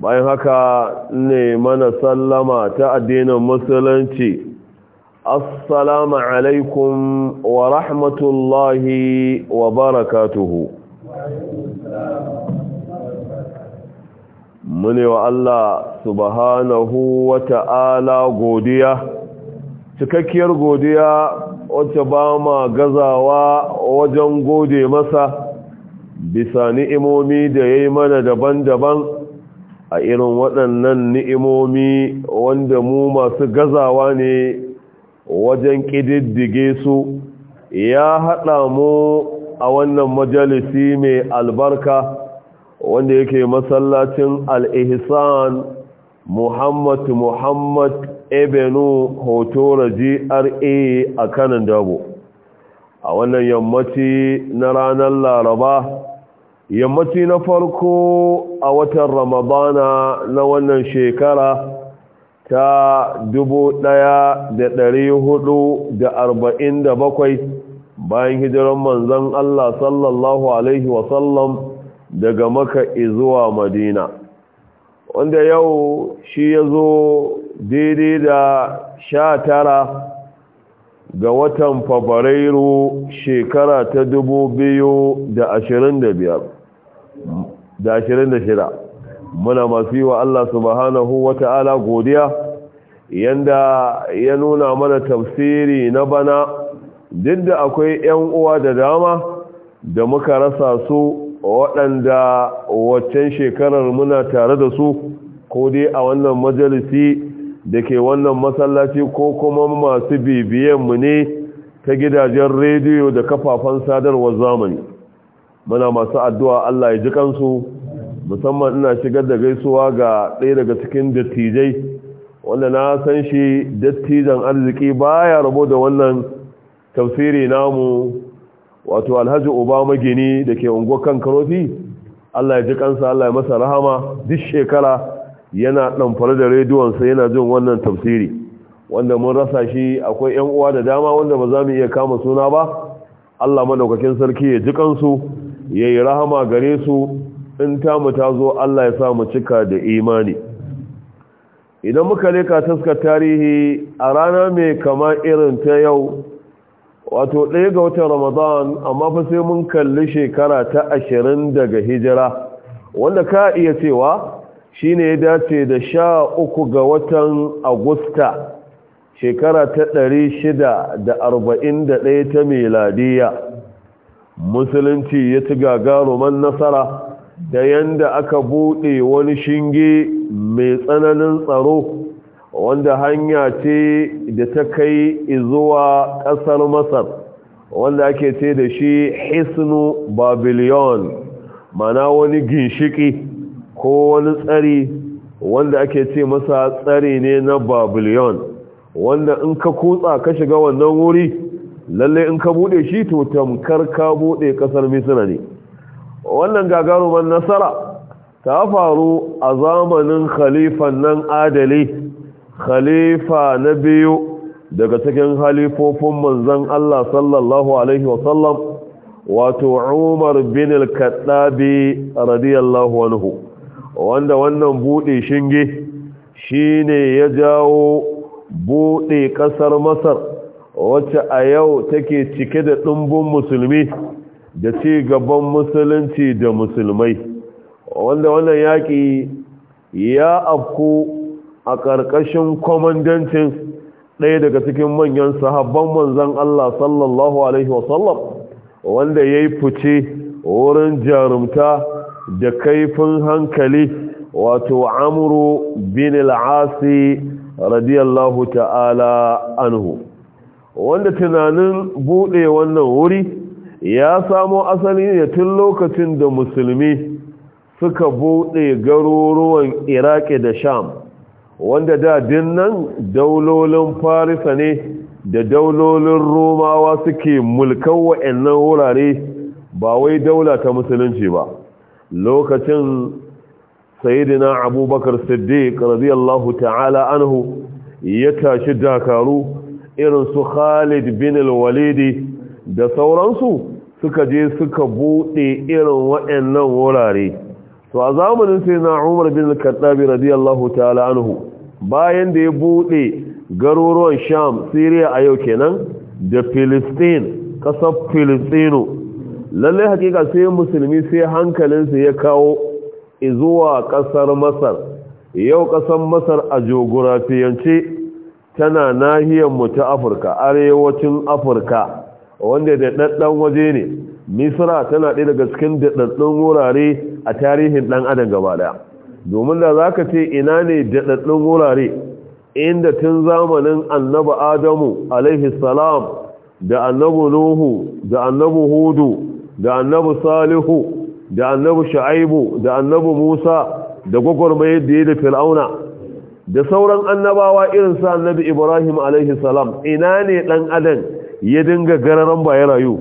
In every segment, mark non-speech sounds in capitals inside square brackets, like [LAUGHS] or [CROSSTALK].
bayan haka ne mana sallama ta addinin musulunci assalamu alaikum wa rahmatullahi wa barakatuhu mune wa Allah subhanahu wa ta'ala godiya cikakkiyar godiya wacce ba ma gazawa wajen gode masa bisa ni'imomi da ya yi mana daban-daban a irin waɗannan ni'imomi wanda mu masu gazawa ne wajen ƙididdige su ya haɗa mu a wannan majalisi mai albarka wanda yake masallacin al'ihsan muhammad muhammad ebenu hotora gra a kanan dabo a wannan yammaci na ranar laraba yammaci na farko a watan ramadana na wannan shekara ta dubu ɗaya da da da arba'in bakwai, bayan hijiran manzon Allah sallallahu alaihi wasallam daga maka zuwa madina wanda yau shi ya zo daidai da sha tara ga watan fabrairu shekara ta dubu biyu da ashirin da biyar. da ashirin da shida muna masu yi wa Allah subhanahu wa ta'ala godiya yanda ya nuna mana tafsiri na bana duk da akwai 'yan uwa da dama da muka rasa su waɗanda waccan shekarar muna tare da su ko dai a wannan majalisi da ke wannan masallaci ko kuma masu bibiyanmu ne ta gidajen rediyo da kafafen sadarwar zamani muna masu addu'a Allah ya ji kansu musamman ina shigar da gaisuwa ga ɗaya daga cikin dattijai wanda na san shi dattijan arziki baya rabo da wannan tafsiri namu wato alhaji uba Gini da ke unguwar kan karofi Allah ya ji kansa Allah ya masa rahama duk shekara yana fara da rediyonsa yana jin wannan tafsiri wanda mun rasa shi akwai 'yan uwa da dama wanda ba za mu iya kama suna ba Allah madaukakin sarki ya ji kansu ya yi rahama gare su in tamu ta zo Allah ya samu cika da imani idan muka leka taskar tarihi a rana mai kama irin ta yau wato ɗaya ga watan ramadan amma fa sai mun kalli shekara ta ashirin daga hijira wanda ka iya cewa shi ne ya dace da sha uku ga watan agusta shekara ta ɗari shida da arba'in da ɗaya ta meladiya musulunci ya ci gagaruman nasara da yanda aka buɗe wani shinge mai tsananin tsaro wanda hanya ce da ta kai zuwa ƙasar masar wanda ake ce da shi hisnu babylon mana wani ginshiki ko wani tsari wanda ake ce masa tsari ne na babylon wanda in ka kutsa ka shiga wannan wuri lalle in ka bude shi to tamkar ka bude kasar misira ne wannan gagaruman nasara ta faru a zamanin khalifan nan adali khalifa na biyu daga cikin halifofin manzon Allah sallallahu alaihi wasallam wato Umar bin al-Kattabi radiyallahu anhu wanda wannan bude shinge shine ya jawo bude kasar Masar wacce a yau take cike da ɗumbin musulmi da ci gaban musulunci da musulmai wanda wannan yaƙi ya afku a ƙarƙashin kwamandancin ɗaya daga cikin manyan sahabban manzan Allah sallallahu Alaihi wasallam wanda ya yi fice wurin jarumta da kaifin hankali wato amuru bin al'asi radiyallahu ta'ala anhu wanda tunanin buɗe wannan wuri ya samo asali ne tun lokacin da musulmi suka buɗe garuruwan iraki da sham wanda da dinnan daulolin farisa ne da daulolin romawa suke mulkan wa'annan wurare ba wai daula ta musulunci ba lokacin sayidina abubakar siddiq radiyallahu ta'ala anhu ya tashi dakaru irin su Khalid bin al da sauransu suka je suka bude irin waɗannan wurare to a zamanin sai na Umar bin al-Khattab radiyallahu ta'ala anhu bayan da ya bude garuruwan Sham Syria a yau kenan da Palestine ƙasar Filistino Lallai hakika sai musulmi sai hankalinsa ya kawo zuwa ƙasar Masar yau ƙasar Masar a jogorafiyance tana nahiyar mu ta afirka arewacin afirka wanda da daddan waje ne misra tana ɗaya daga cikin daddan wurare a tarihin ɗan adam gaba daya domin da za ka ce ina ne daddan wurare inda tun zamanin annabi adamu alaihi salam da annabi nuhu da annabi hudu da annabi salihu da annabi sha'aibu da annabi musa da gwagwarmayar da ya da fir'auna da sauran annabawa irin sa annabi ibrahim alaihi salam ina ne dan adam ya dinga gararan ba ya rayu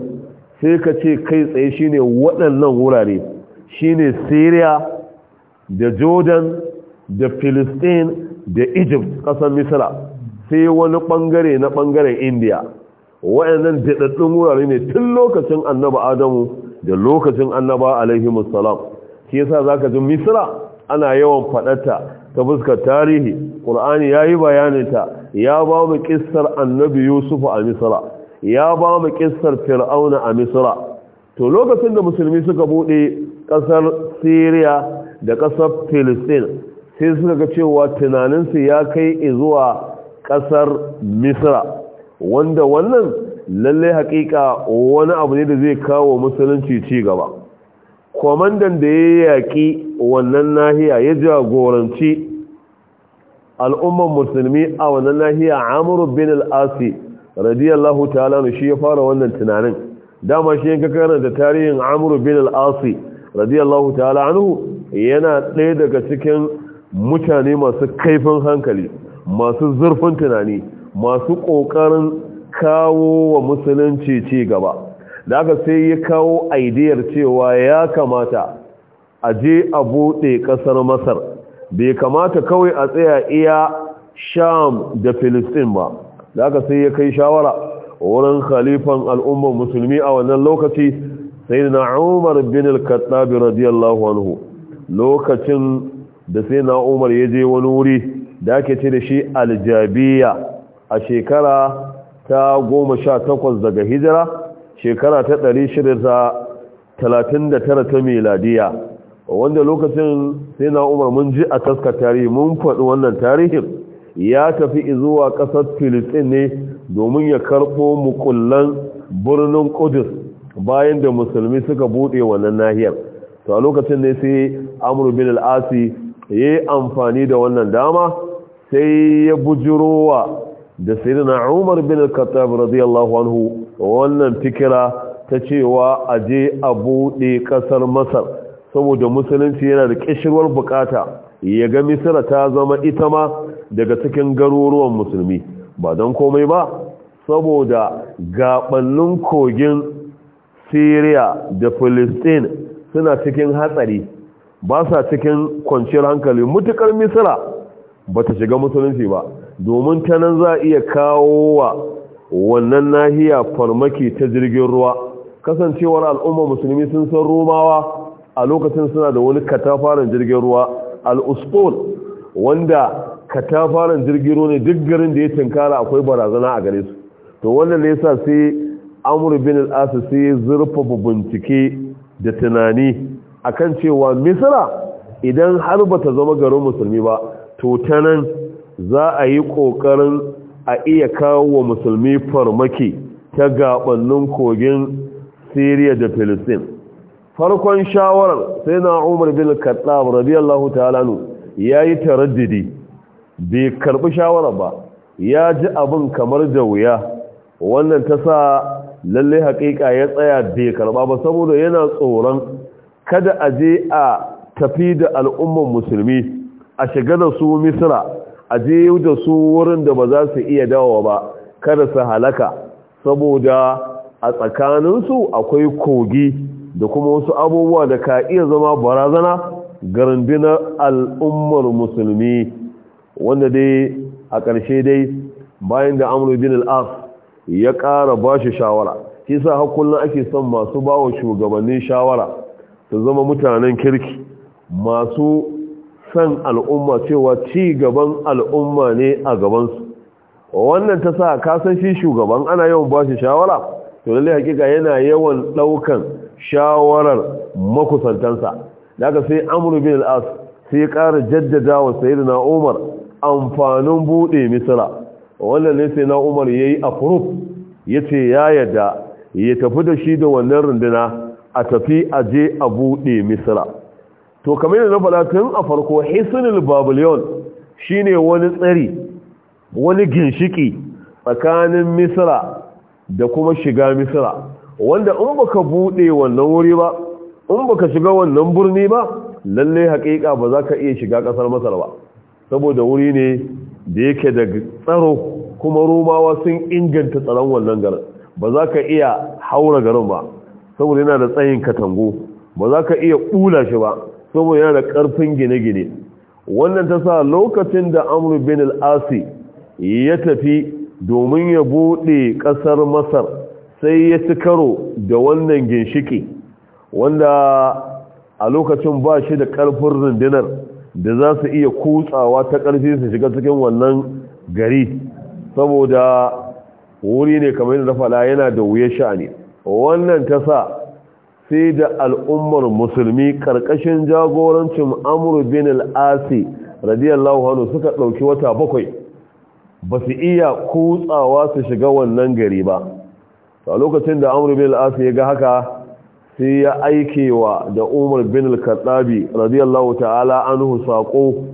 sai ka ce kai tsaye shine waɗannan wurare shine syria da jordan da philistine da egypt ƙasar misra sai wani ɓangare na bangaren india waɗannan daɗaɗɗun wurare ne tun lokacin annabi adamu da lokacin annaba alaihi musallam shi yasa zaka ji misra ana yawan faɗata ta fuskar tarihi ƙur'ani ya yi bayaninta ya ba mu ƙistar annabi yusuf a Misira, ya ba mu ƙistar fir'auna a Misira', to lokacin da musulmi suka buɗe ƙasar syria da ƙasar philistine sai suka ga cewa tunaninsu ya kai zuwa ƙasar Misira, wanda wannan lallai haƙiƙa wani abu ne da zai kawo musulunci ci gaba Komandan da ya yaƙi wannan nahiya ya jagoranci al'umman musulmi a wannan nahiya amuru bin al'asi radiyallahu ta'ala shi ya fara wannan tunanin dama shi yanka karanta tarihin amuru bin al'asi radiyallahu ta'ala anhu yana ɗaya daga cikin mutane masu kaifin hankali masu zurfin tunani masu ƙoƙarin kawo wa musulunci ci gaba da aka sai ya kawo aidiyar cewa ya kamata a je a buɗe ƙasar masar bai kamata kawai a tsaya iya sham da filistin ba da aka sai ya kai shawara wurin khalifan al'ummar musulmi a wannan lokaci sai na umar bin al-kattabi radiyallahu anhu lokacin da sai na umar ya je wani wuri da ake ce da shi aljabiya a shekara ta goma sha takwas daga hijira shekara ta 639 ta miladiya wanda lokacin sai na umar mun ji a taskar tarihi mun faɗi wannan tarihin ya tafi zuwa ƙasar filistin ne domin ya karɓo mukullan birnin kudus bayan da musulmi suka buɗe wannan nahiyar to a lokacin ne sai amur bin al'asi ya yi amfani da wannan dama sai ya bujirowa da sayyidina umar bin al-khattab radiyallahu anhu wannan fikira ta cewa a je a buɗe ƙasar masar saboda musulunci yana da ƙishirwar bukata ya ga misira ta zama ita ma daga cikin garuruwan musulmi ba don komai ba saboda gaɓannin kogin syria da Palestine suna cikin hatsari ba sa cikin kwanciyar hankali mutukar misira ba ta shiga musulunci ba domin ta nan za a iya kawo wa wannan nahiya farmaki ta jirgin ruwa kasancewar al'umma musulmi sun san romawa a lokacin suna da wani katafaren jirgin ruwa al'uspol wanda katafaren jirgin ruwa ne duk garin da ya tinkara akwai barazana a gare su to wannan ne yasa sai amur bin al'asa sai ya zurfafa bincike da tunani akan cewa misira idan har bata zama garin musulmi ba to ta nan za a yi ƙoƙarin a iya kawo wa musulmi farmaki ta gabannin kogin Siriya da Filistin. Farkon shawarar sai na Umar bin Khattab radiyallahu ta'ala nu yayi taraddidi bai karbi shawara ba ya ji abin kamar da wuya wannan ta sa lalle haƙiƙa ya tsaya bai karba ba saboda yana tsoron kada a je a tafi da al'ummar musulmi a shiga da su Misra a je da su wurin da ba za su iya dawowa ba kada su halaka saboda a tsakaninsu akwai kogi da kuma wasu abubuwa da ka iya zama barazana ga rundunar al'ummar musulmi wanda dai a ƙarshe dai bayan da amur bin al’af ya ƙara ba shi shawara shi sa hakullin ake son masu ba wa shugabannin shawara su zama mutanen kirki masu san al'umma cewa ci gaban al'umma ne a gabansu wannan ta sa kasan shi shugaban ana yawan ba shi shawara to lalle hakika yana yawan ɗaukan shawarar makusantansa daga sai amru bin al-as sai ya ƙara jaddada wa sayyidina umar amfanin buɗe Misira. wannan ne sai na umar yayi a yace ya yadda ya tafi da shi da wannan runduna a tafi aje a buɗe Misira. to kamar yadda na faɗa tun a farko hisnul babylon shine wani tsari wani ginshiki tsakanin misra da kuma shiga misra wanda in baka bude wannan wuri ba in baka shiga wannan birni ba lalle haƙiƙa ba za ka iya shiga ƙasar masar ba saboda wuri ne da yake da tsaro kuma romawa sun inganta tsaron wannan garin ba za ka iya haura garin ba saboda yana da tsayin katango ba za ka iya ɓula shi ba saboda yana da ƙarfin gine-gine wannan ta sa lokacin da amru bin al'asi ya tafi domin ya buɗe ƙasar masar sai ya ci karo da wannan ginshiki wanda a lokacin ba shi da ƙarfin rundunar da za su iya kutsawa ta ƙarfi su shiga cikin wannan gari saboda wuri ne kamar yana da wuya sha'ani wannan ta sa sai da al'ummar musulmi ƙarƙashin jagorancin amur bin al'asi radiyallahu hannu suka ɗauki wata bakwai ba su iya kutsawa su shiga wannan gari ba a lokacin da amur bin al'asi ya ga haka sai ya aikewa da umar bin al-kattabi radiyallahu ta'ala anhu saƙo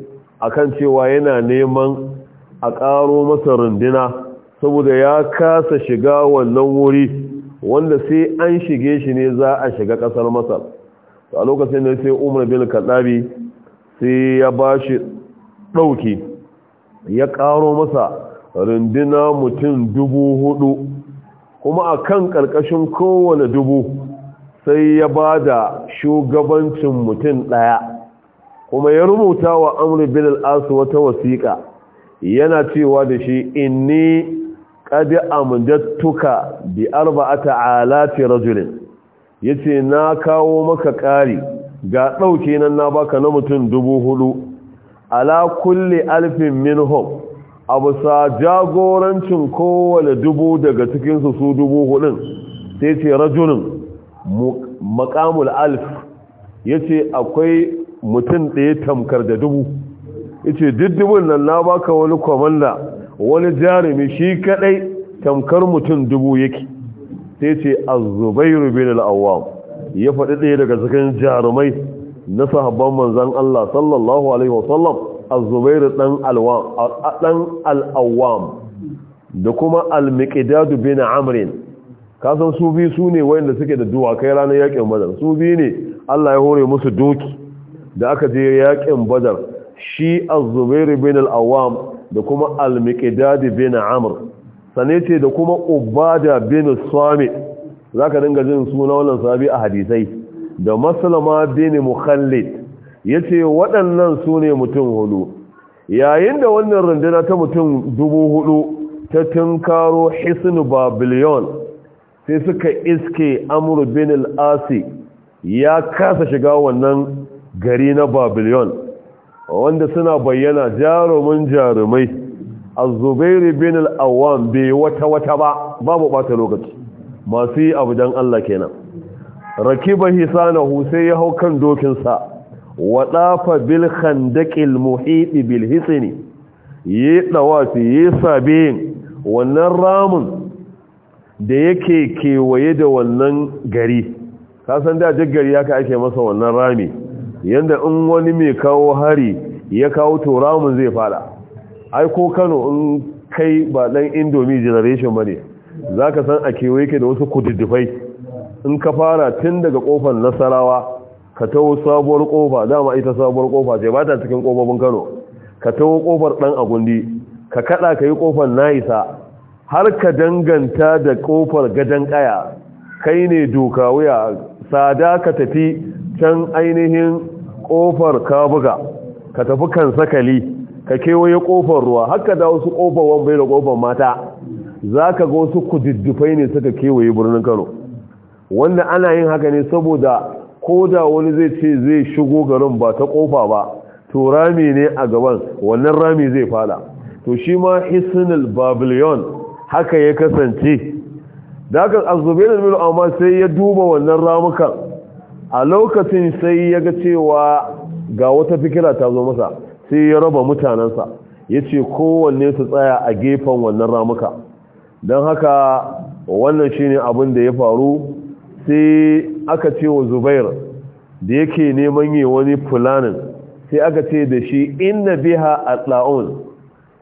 kan cewa yana neman a ƙaro masa rundina saboda ya kasa shiga wannan wuri wanda sai an shige shi ne za a shiga kasar masar a lokacin da sai umar bin kadabi sai ya ba shi ɗauki ya ƙaro masa rundina mutum dubu hudu kuma a kan ƙarƙashin kowane dubu sai ya ba da shugabancin mutum ɗaya kuma ya rubuta wa amur bin al'asu wata wasiƙa yana cewa da shi inni qad amjadtuka bi arba'ati alati rajulin yace na kawo maka kari. ga ɗauke nan na baka na mutum dubu hudu ala kulli alfin minhum abu sa jagorancin kowane dubu daga cikinsu su dubu hudun sai ce rajulun makamul alf ya ce akwai mutum ɗaya tamkar da dubu yace ce nan na baka wani kwamanda wani jarumi shi kadai tamkar mutum dubu yake sai ce a zubairu bin al ya faɗi ɗaya daga cikin jarumai na sahabban manzon Allah sallallahu alaihi wasallam a zubairu ɗan al da kuma al mikidadu bin amr kasan su bi su ne wayanda suke da duwakai ranar yakin badar su bi ne Allah ya hore musu doki da aka je yakin badar shi az-zubairu bin al-awwam da kuma al-miqdad bin amr sane ce da kuma ubada bin samit zaka dinga jin suna wannan sahabi a hadisai da maslama bin mukhallid yace waɗannan sune mutum hudu yayin da wannan runduna ta mutum dubu hudu ta tunkaro hisn babilion sai suka iske amr bin al-asi ya kasa shiga wannan gari na babilion wanda suna bayyana jarumin jarumai a Zubairu bin al-awwam bai wata wata ba babu bata lokaci masu yi abu don Allah kenan rakiba hisana sai ya hau kan dokin sa wadafa bil khandaqil muhit bil hisni yi ya yi sabe wannan ramun da yake kewaye da wannan gari Ka san da jaggari haka ake masa wannan rami yadda in wani mai kawo hari ya kawo turamun zai fada ai ko kano in kai ba dan indomie generation ba ne za ka san a kewaye ke da wasu kududdufai in ka fara tun daga kofar nasarawa ka taho sabuwar kofa dama ita sabuwar kofa ce ba ta cikin kofofin kano ka taho kofar dan agundi ka kada ka yi kofar na'isa har ka danganta da kofar gadon kaya kai ne doka wuya tsada ka tafi can ainihin ƙofar ka buga ka tafi kan sakali ka kewaye ƙofar ruwa haka da wasu ƙofar wambai da ƙofar mata za ka ga wasu kududdufai ne suka kewaye birnin kano wanda ana yin haka ne saboda ko da wani zai ce zai shigo garin ba ta ƙofa ba to rami ne a gaban wannan rami zai fada to shi ma hisnul babylon haka ya kasance da da azubairu amma sai ya duba wannan ramukan a lokacin sai ya ga cewa ga wata fikira ta zo masa sai ya raba mutanensa ya ce kowanne su tsaya a gefen wannan ramuka don haka wannan shine abin da ya faru sai aka ce wa zubair da yake neman yi wani fulanin sai aka ce da shi inna biha atla'un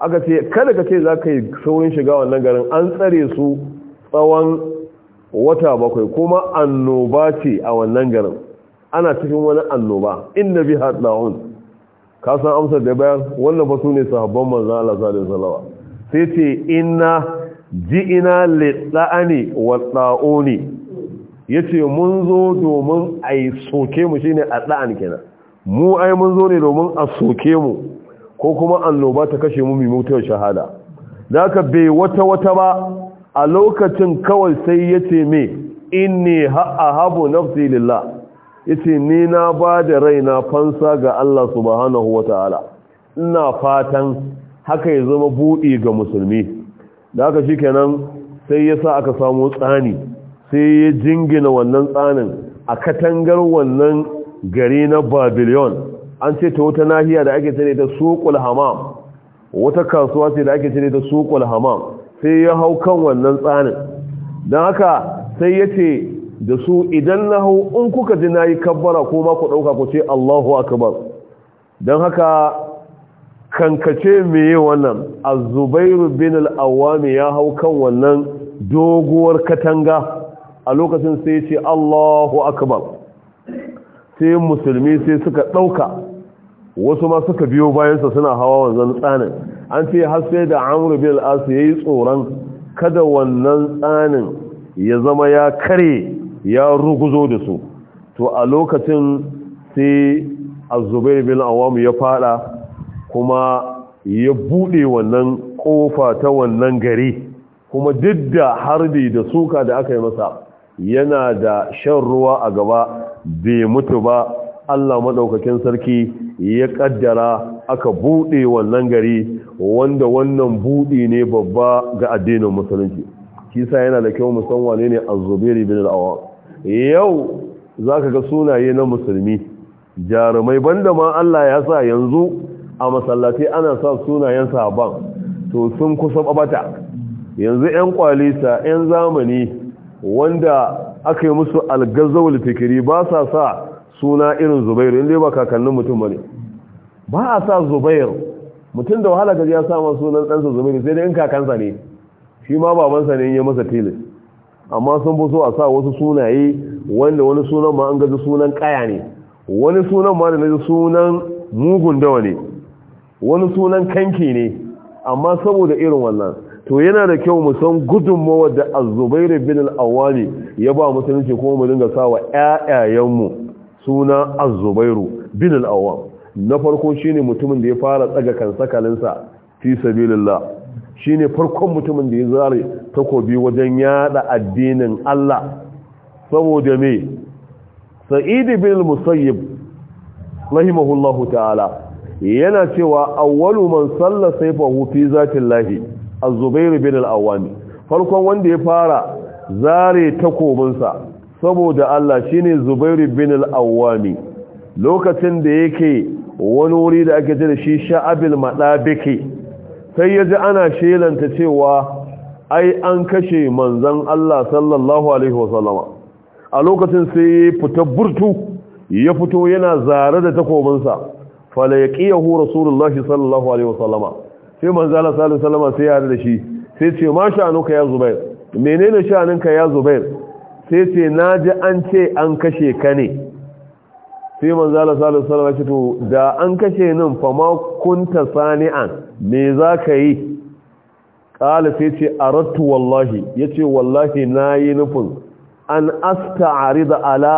aka ce kada ka ce za ka yi saurin shiga wannan garin an tsare su tsawon wata bakwai kuma annoba ce a wannan garin ana cikin wani annoba inda bi da'un ka san amsar da bayan wannan fa sune sahabban manzon Allah sallallahu alaihi wasallam sai ce inna ji'ina litla'ani Ya yace mun zo domin yi soke mu shine adda'an kenan mu ai mun zo ne domin a soke mu ko kuma annoba ta kashe mu mai mutuwar shahada da aka bai wata wata ba a lokacin kawai sai ya ce me inni ahabu nafsi lillah yace ni na ba da raina fansa ga Allah subhanahu wataala ina fatan haka ya zama buɗe ga musulmi da haka shikenan sai ya sa aka samu tsani sai ya jingina wannan tsanin a katangar wannan gari na Babylon an ce ta wata nahiya da ake cire ta suqul hamam wata kasuwa ce da ake cire ta suqul hamam sai ya hau kan wannan tsanin don haka sai ya ce da su idan na hau in kuka ji na yi kabbara ko ma ku ɗauka ku ce allahu akbar don haka kankace yi wannan azubairu bin al'awami ya hau kan wannan doguwar katanga a lokacin sai ya ce allahu akbar sai musulmi sai suka ɗauka wasu ma suka biyo bayansa suna hawa wanzan tsanin an ce haske da amur bil as ya yi tsoron kada wannan tsanin ya zama ya kare ya ruguzo da su to a lokacin sai azubair bin awam ya fada kuma ya bude wannan kofa ta wannan gari kuma duk da harbi da suka da aka yi masa yana da shan ruwa a gaba bai mutu ba Allah maɗaukakin sarki ya kaddara aka buɗe wannan gari wanda wannan buɗe ne babba ga addinin musulunci Kisa yana da kyau san wane ne zobe zubairi bin al'awa yau yau ka ga sunaye na musulmi jarumai banda ma Allah ya sa yanzu a masallaci ana sa sunayen sabon to sun kusa babata yanzu yan kwalisa yan zamani wanda aka yi musu algazawul fikiri ba sa sa suna irin zubairu inda ba kakannin mutum ba ne ba a sa zubairu mutum da wahala gaji ya sama sunan ɗansa zubairu sai dai in kakansa ne shi ma babansa ne ya masa tilis amma sun fi so a sa wasu sunaye wanda wani sunan ma an gaji sunan kaya ne wani sunan ma da na sunan mugun dawa ne wani sunan kanki ne amma saboda irin wannan to yana da kyau mu san gudunmawar da azubairu bin al'awani ya ba musulunci kuma mu dinga sa wa 'ya'yayenmu suna az-zubairu bin al na farko shine mutumin da ya fara tsaga kan sakalinsa fi Shi ne farkon mutumin da ya zare takobi wajen yada addinin Allah saboda me Sa'idu bin al-musayyib rahimahullahu ta'ala yana cewa awwalu man salla sayfahu fi zatillahi az-zubair bin al farkon wanda ya fara zare takobinsa saboda Allah shine Zubairu bin al-Awwami lokacin da yake wani wuri da ake da shi Sha'abil Madabiki sai yaji ana shelanta cewa ai an kashe manzon Allah sallallahu alaihi wasallama a lokacin sai ya fita burtu ya fito yana zare da takobinsa falaqiyahu rasulullahi sallallahu alaihi wasallama sai manzon Allah sallallahu alaihi wasallama sai ya da shi sai ce ma sha'anuka ya Zubair menene sha'aninka ya Zubair sai ce na ji an ce an kashe ka ne sai manzala salisu salama ce to da an kashe nan fa ma kunta sani'an me za ka yi ƙala sai ce a rattu wallahi ya ce wallahi na yi nufin an asta'ari da ala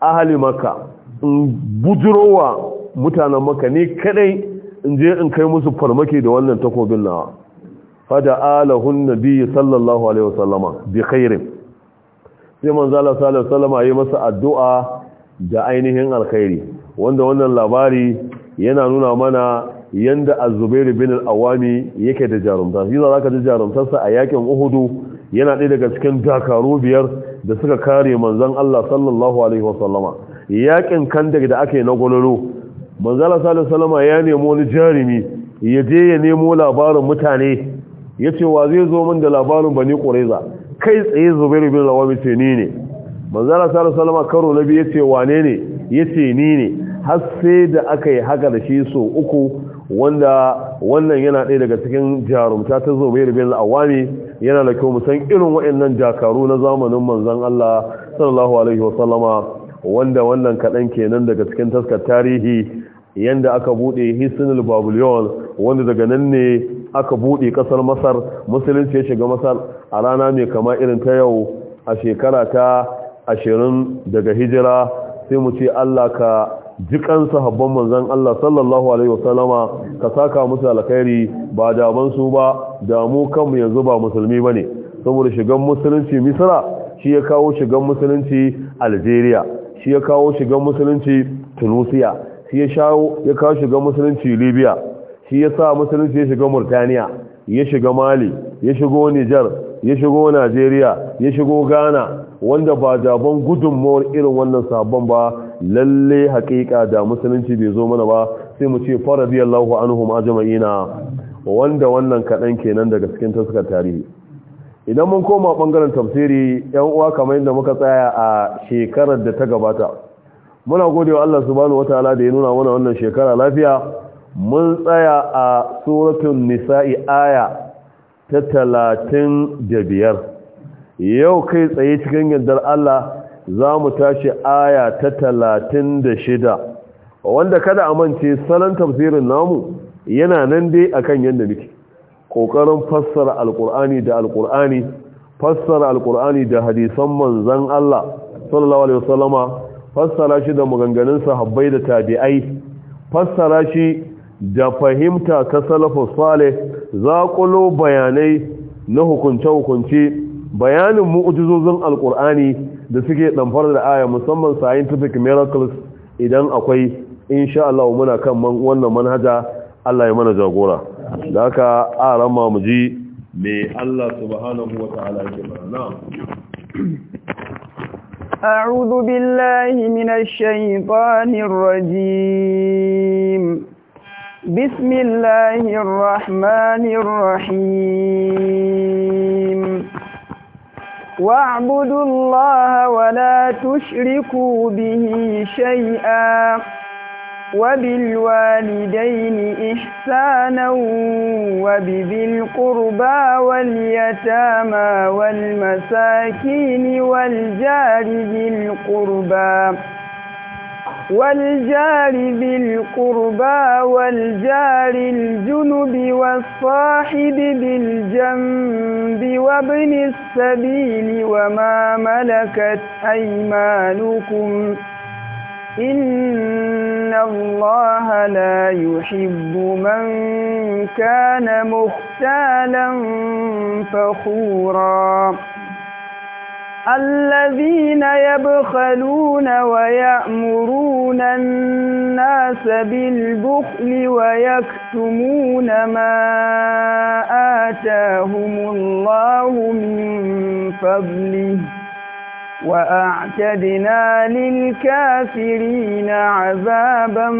ahali maka in bujirowa mutanen maka ne kadai in je in kai musu farmaki da wannan takobin nawa fada alahun nabi sallallahu alaihi wasallama bi khairin sai man zala sallallahu alaihi wasallam masa addu'a da ainihin alkhairi wanda wannan labari yana nuna mana yanda az bin Al-Awami yake da jarumta shi zaka ji jarumtarsa a yakin uhudu yana ɗaya daga cikin dakaru biyar da suka kare manzon Allah sallallahu alaihi wasallama yakin Kandak da ake na gololo manzo Allah sallallahu alaihi wasallama ya nemo wani jarumi ya je ya nemo labarin mutane yace wa zai zo min da labarin Bani Qurayza kai tsaye zubairu bin awam yace ni ne manzara sallallahu alaihi wasallam karo nabi yace wane ne yace ni ne har sai da aka yi haka da shi so uku wanda wannan yana ɗaya daga cikin jarumta ta zubairu bin awami yana da kyau musan irin waɗannan jakaru na zamanin manzon Allah sallallahu alaihi wasallam wanda wannan kaɗan kenan daga cikin taskar tarihi yanda aka buɗe hisnul babylon wanda daga nan ne aka buɗe ƙasar masar musulunci ya shiga masar a rana mai kama irin ta yau a shekara ta ashirin daga hijira sai mu ce Allah ka jikan sahabban manzan Allah sallallahu alaihi wasallama ka saka musu alkhairi ba daban su ba damu kanmu yanzu ba musulmi ba ne saboda shigan musulunci Misra shi ya kawo shigan musulunci Algeria shi ya kawo shigan musulunci Tunisia shi ya shawo ya kawo shigan musulunci Libya shi ya sa musulunci ya shiga Murtaniya ya shiga Mali ya shigo Niger ya shigo najeriya ya shigo ghana wanda ba jaban gudunmawar irin wannan sabon ba lalle haƙiƙa da musulunci bai zo mana ba sai mu ce fa radiyallahu anhum ajma'ina wanda wannan kaɗan kenan daga cikin taskar tarihi idan mun koma ɓangaren tafsiri yan uwa kamar yadda muka tsaya a shekarar da ta gabata muna gode wa Allah subhanahu wataala da ya nuna mana wannan shekara lafiya mun tsaya a suratul nisa'i aya ta talatin da biyar yau kai tsaye cikin yadda Allah za mu tashi aya ta talatin da shida wanda kada a mance salon tafsirin namu yana nan dai akan yadda muke ƙoƙarin fassara alƙur'ani da alƙur'ani fassara alƙulani da hadisan manzan Allah sallallahu alaihi wasallama fassara shi da maganganun sahabbai da tabi'ai fassara shi da fahimta ta salafus salih zaƙulo bayanai na hukunce-hukunce bayanin mu'ujizozin Alkur'ani da suke ɗamfar da aya musamman scientific miracles idan akwai insha Allah muna kan wannan manhaja Allah ya mana jagora da aka arama mu ji me Allah subhanahu wa ta'ala yake mana أعوذ بالله من الشيطان الرجيم بسم الله الرحمن الرحيم واعبدوا الله ولا تشركوا به شيئا وبالوالدين إحسانا وبذي القربى واليتامى والمساكين والجار ذي القربى والجار ذي القربى والجار الجنب والصاحب بالجنب وابن السبيل وما ملكت أيمانكم إن الله لا يحب من كان مختالا فخوراً الذين يبخلون ويأمرون الناس بالبخل ويكتمون ما آتاهم الله من فضله وأعتدنا للكافرين عذابا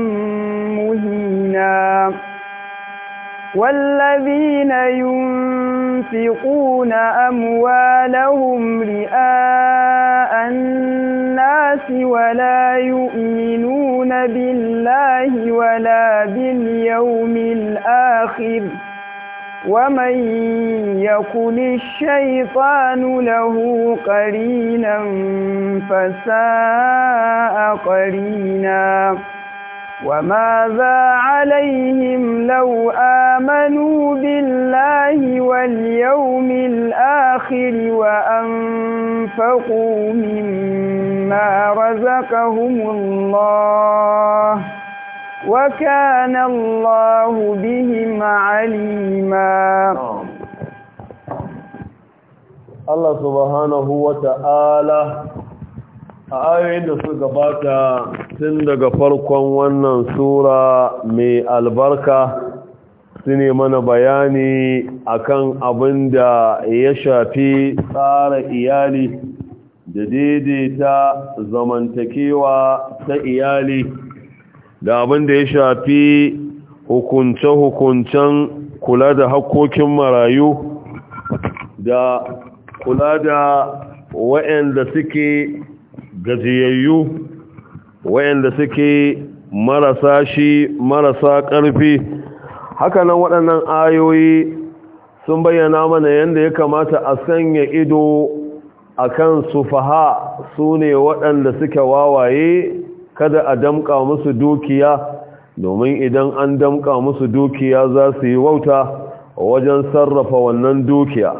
مهيناً والذين ينفقون أموالهم رئاء الناس ولا يؤمنون بالله ولا باليوم الآخر ومن يكن الشيطان له قرينا فساء قريناً وماذا عليهم لو آمنوا بالله واليوم الآخر وأنفقوا مما رزقهم الله وكان الله بهم عليما الله سبحانه وتعالى a ayoyin da suka gabata tun daga farkon wannan sura mai albarka su ne mana bayani akan abin da ya shafi tsara iyali da daidaita zamantakewa ta iyali da abin da ya shafi hukunce-hukuncen kula da hakkokin marayu da kula da waɗanda suke gajiyayyu wayanda suke marasa shi marasa ƙarfi hakanan waɗannan ayoyi sun bayyana mana yadda ya kamata a sanya ido a kan sufaha su ne waɗanda suke wawaye kada a damƙa musu dukiya domin idan an damƙa musu dukiya za su yi wauta wajen sarrafa wannan dukiya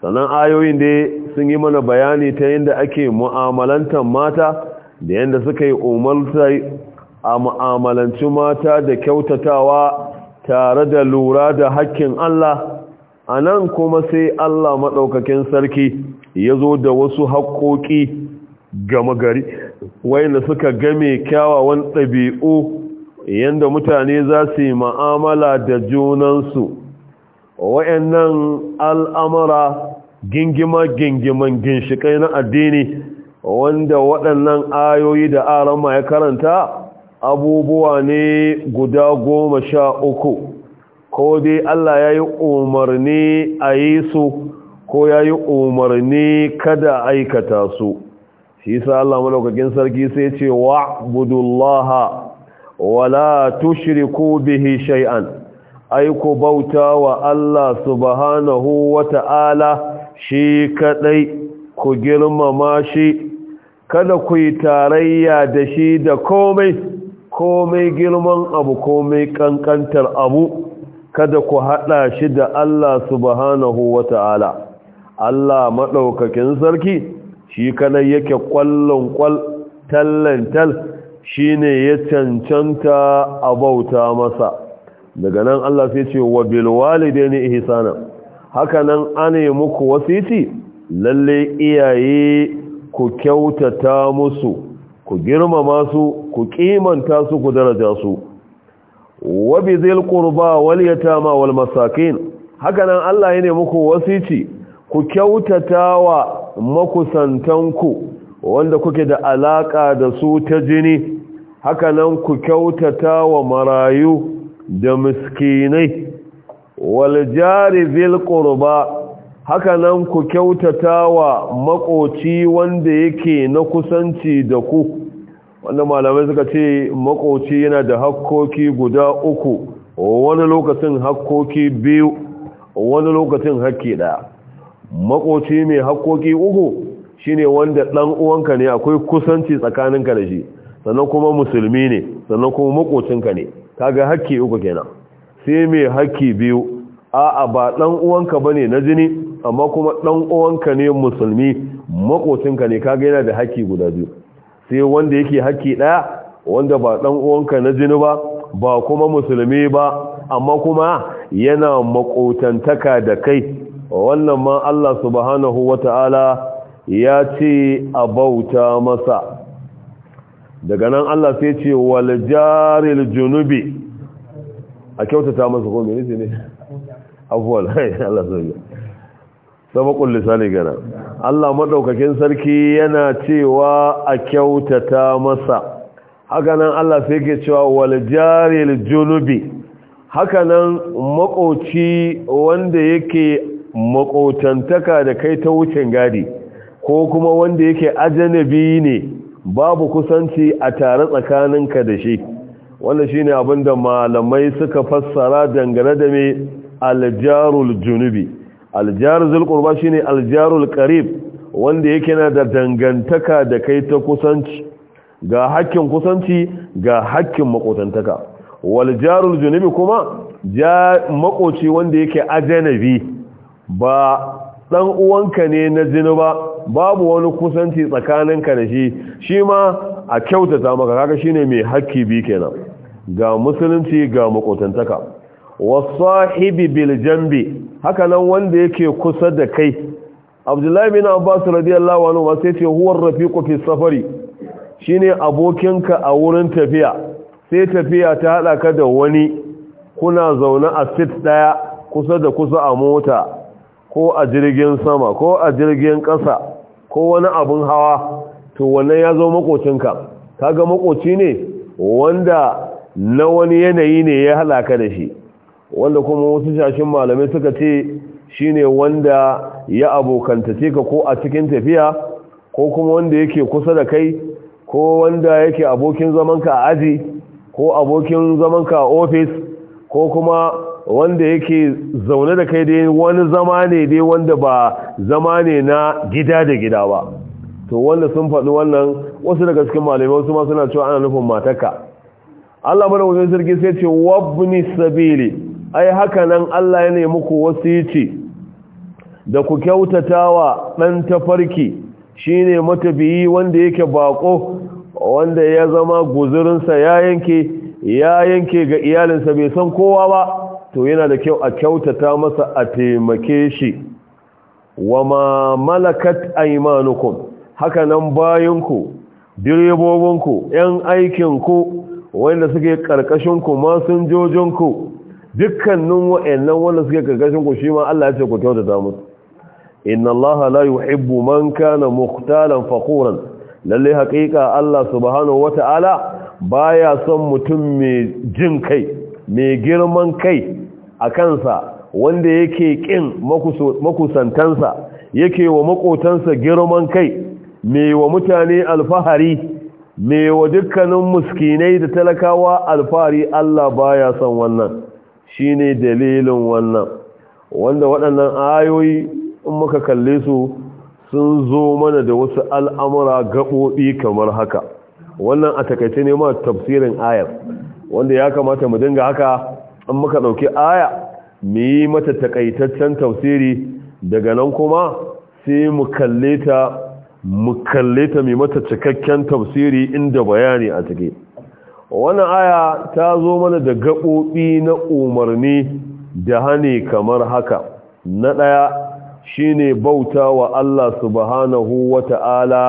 sannan ayoyin da sun yi mana bayani ta yadda ake mu'amalantar mata da yadda suka yi umarta a mu'amalanci mata da kyautatawa tare da lura da hakkin Allah a nan kuma sai Allah maɗaukakin sarki ya zo da wasu haƙoƙi gama gari wayanda suka game kyawawan ɗabi'u yadda mutane za su yi ma'amala da junansu wayannan al'amura gingima gingiman ginshikai na addini wanda waɗannan ayoyi da arama ya karanta abubuwa ne guda goma sha uku ko dai Allah ya yi umarni a yi su ko ya yi umarni kada aikata su shi sa Allah malaukakin sarki sai ce wa budullaha wala tushriku bihi shai'an. Aiko ku bauta wa Allah subhanahu wa ta'ala shi kadai ku girmama shi kada ku yi tarayya da shi da komai komai girman abu komai ƙanƙantar abu kada ku haɗa shi da Allah subhanahu ta'ala Allah madaukakin sarki shi kaɗai yake kwallon kwal tallantal shine ya cancanta a bauta masa daga nan Allah sai ce wa bil walidaini ihsana hakanan ane muku wasiti lalle iyaye ku kyautata musu ku girmama su ku kimanta su ku daraja su wa bi zil qurba wal yatama wal masakin hakanan Allah yana muku wasiti ku kyautata wa makusantanku wanda kuke da alaka da su ta jini hakanan ku kyautata wa marayu da miskinai wal jari bil qurba haka nan ku kyautata wa makoci wanda yake na kusanci da ku wanda malamai suka ce makoci yana da hakkoki guda uku wani lokacin hakkoki biyu wani lokacin hakki ɗaya makoci mai hakkoki uku shine wanda dan uwanka ne akwai kusanci tsakaninka da shi sannan kuma musulmi ne sannan kuma makocinka ne kaga hakki uku kenan sai mai hakki biyu a'a ba ɗan uwanka bane na jini amma kuma dan uwanka ne musulmi makocinka ne kaga yana da haƙƙi guda biyu sai wanda yake haƙƙi ɗaya wanda ba ɗan uwanka na jini ba ba kuma musulmi ba amma kuma yana makotantaka da kai wannan ma Allah subhanahu wata'ala ya ce a bauta masa daga nan Allah sai ce wal jaril junubi a kyautata masa ko menene ne abuwal [LAUGHS] Allah zai sabakun lisani gana Allah maɗaukakin sarki yana cewa a kyautata masa hakanan Allah sai ke cewa wal jaril junubi hakanan makoci wanda yake makotantaka da kai ta wucin gadi ko kuma wanda yake ajanabi ne babu kusanci a tare tsakaninka da shi Wanda shine abinda malamai suka fassara dangane da me aljarul junubi aljarul zulqurba shine aljarul qarib wanda yake na da dangantaka da kai ta kusanci ga hakkin kusanci ga hakkin makotantaka wal jarul junubi kuma ja makoci wanda yake ajanabi ba dan uwanka ne na jini ba babu wani kusanci tsakaninka da shi shi ma a kyautata maka kaga shine mai hakki bi kenan ga musulunci ga makotantaka wasahibi bil haka nan wanda yake kusa da kai abdullahi bin abbas radiyallahu anhu wa sai ce huwa rafiqu fi safari shine abokinka a wurin tafiya sai tafiya ta hada ka da wani kuna zaune a sit daya kusa da kusa a mota ko a jirgin sama ko a jirgin kasa ko wani abun hawa to wannan ya zo makocinka kaga makoci ne wanda na wani yanayi ne ya halaka da shi wanda kuma wasu shashin malamai suka ce shine wanda ya abokanta ka ko a cikin tafiya ko kuma wanda yake kusa da kai ko wanda yake abokin zamanka a aji ko abokin zamanka a ofis ko kuma wanda yake zaune da kai dai wani zama ne dai wanda ba zama ne na gida da gida ba to wanda sun faɗi wannan wasu daga cikin malamai wasu ma suna cewa ana nufin mataka Allah mana wajen sarki sai ce wabni sabili ai hakanan nan Allah ya ne muku wasici da ku kyautatawa dan tafarki shine matabiyi wanda yake bako wanda ya zama guzurinsa ya yanke ya yanke ga iyalinsa bai san kowa ba to yana da kyau a kyautata masa a taimake shi wama malakat aymanukum haka nan bayanku direbobinku yan aikinku wanda suke karkashinku masinjojinku dukkanin wa'annan wanda suke karkashin ku shi ma Allah ya ce ku kyautata musu inna Allah la yuhibbu man kana muqtalan faquran Lallai haƙiƙa Allah subhanahu wata'ala baya son mutum mai jin kai mai girman kai a kansa wanda yake ƙin makusantansa yake wa makotansa girman kai mai wa mutane alfahari mai wa dukkanin muskinai da talakawa alfahari Allah baya son wannan Shi ne dalilin wannan wanda waɗannan ayoyi in muka kalle su sun zo mana da wasu al'amura gaɓoɓi kamar haka wannan a takaice ne ma tafsirin ayar wanda ya kamata mu dinga haka in muka ɗauki aya mu yi mata takaitaccen tafsiri daga nan kuma sai mu kalle ta mu kalle ta mai mata cikakken tafsiri inda bayani a cike wannan aya ta zo mana da gaɓoɓi na umarni da hane kamar haka na ɗaya shine bauta wa Allah subhanahu wa ta'ala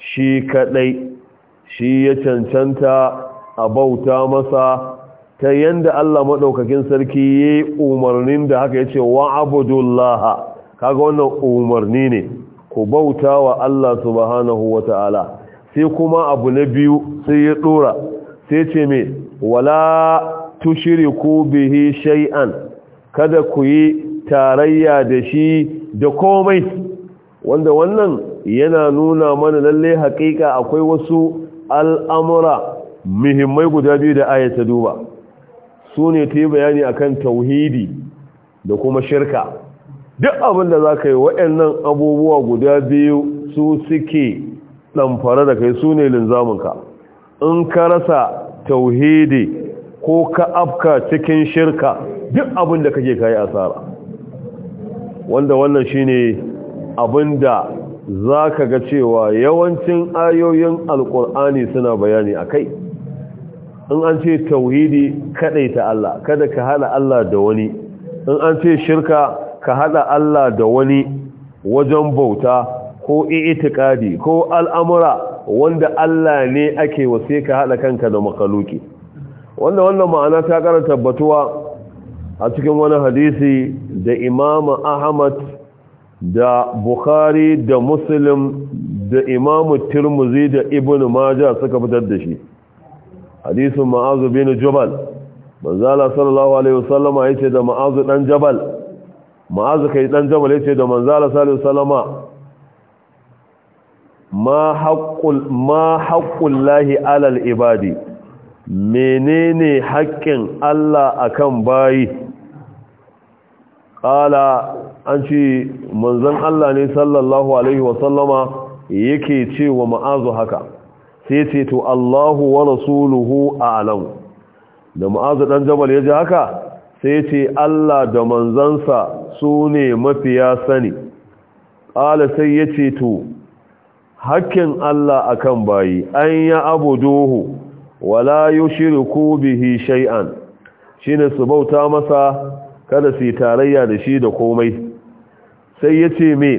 shi kaɗai shi ya cancanta a bauta masa ta yadda Allah maɗaukakin sarki ya yi umarnin da haka ya ce wa abudullaha kaga wannan umarni ne ku bauta wa Allah subhanahu wa ta'ala sai kuma abu na biyu sai ya ɗora sai ce me wala ku bihi shay'an kada ku yi tarayya da shi da komai wanda wannan yana nuna mana lalle haƙiƙa akwai wasu al'amura muhimmai guda biyu da ayata duba su ne ta yi bayani akan tauhidi da kuma shirka duk abin da za ka yi waɗannan abubuwa guda biyu su suke ɗamfara da kai su ne linzamunka. in ka rasa tauhidi ko ka afka cikin shirka duk abin da kake kai asara wanda wannan shine abin zaka ga cewa yawancin ayoyin alkur'ani suna bayani a kai in an ce tauhidi kadai ta Allah kada ka hada Allah da wani in an ce shirka ka hada Allah da wani wajen bauta ko i'tiqadi ko al'amura wanda Allah ne ake wasi ka haɗa kanka da makaluki wanda wannan ma'ana ta ƙara tabbatuwa a cikin wani hadisi da imamu ahmad da bukhari da muslim da imamu tirmuzi da ibn majah suka fitar da shi Hadisun ma'azu bin jubal manzala sallallahu alaihi wasallama yace da ma'azu dan jabal ma'azu kai dan jabal yace da manzala sallallahu alaihi wasallama ma haƙƙun lahi alal ibadi menene haƙƙin Allah akan bayi ƙala an ce manzan Allah ne sallallahu alaihi wasallama yake ce wa ma'azu haka sai ce to Allahu wa rasuluhu a'lam da ma'azu ɗan Jamal ya ji haka sai ce Allah da manzansa su ne mafiya sani ƙala sai ya ce to hakkin Allah akan bayi an yi abu abuduhu wala ku bihi shay'an shine su bauta masa kada su tarayya da shi da komai sai ya ce me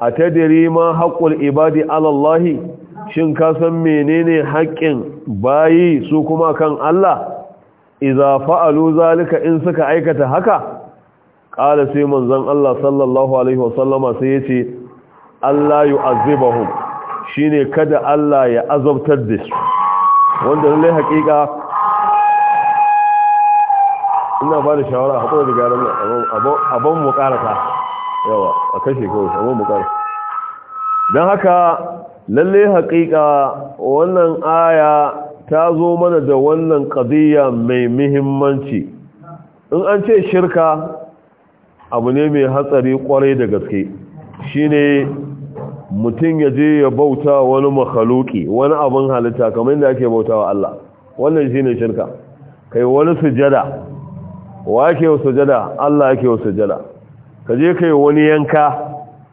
a tadiri ma haƙƙul ibadi alallahi shin ka san menene haƙƙin bayi su kuma kan Allah Iza fa'alu zalika in suka aikata haka Ƙara sai manzon Allah sallallahu alaihi wasallama sai ya ce. Allah shi ne kada Allah ya azabtar da su wanda lallai haƙiƙa. ina ba da shawara a haƙo da gyaran abon mu ƙarata yawa a kashe kawai abon mu ƙarata don haka lallai haƙiƙa wannan aya ta zo mana da wannan ƙadiyya mai muhimmanci in an ce shirka abu ne mai hatsari ƙwarai da gaske ne. mutum ya je ya bauta wani makhaluki wani abin halitta kamar yadda ake bauta wa Allah wannan shi ne shirka kai wani sujada wa ake wa sujada Allah ake wa sujada ka je kai wani yanka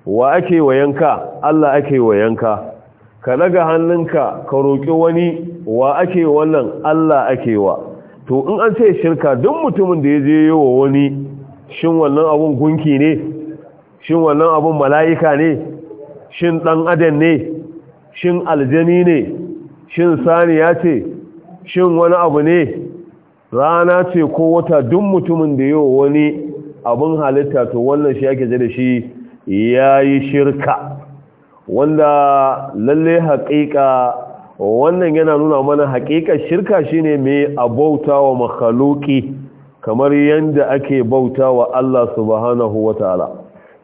wa ake wa yanka Allah ake wa yanka ka daga hannunka ka roƙi wani wa ake wannan Allah ake wa to in an ce shirka duk mutumin da ya je yi wa wani shin wannan abun gunki ne shin wannan abun mala'ika ne shin ɗan adam ne shin aljani ne shin ya ce shin wani abu ne rana ce ko wata duk mutumin da yi wani abin halitta to wannan shi yake da shi ya yi shirka wanda lalle haƙiƙa wannan yana nuna mana haƙiƙa shirka shine mai abauta wa makhaluki kamar yadda ake bauta wa Allah subhanahu wa ta'ala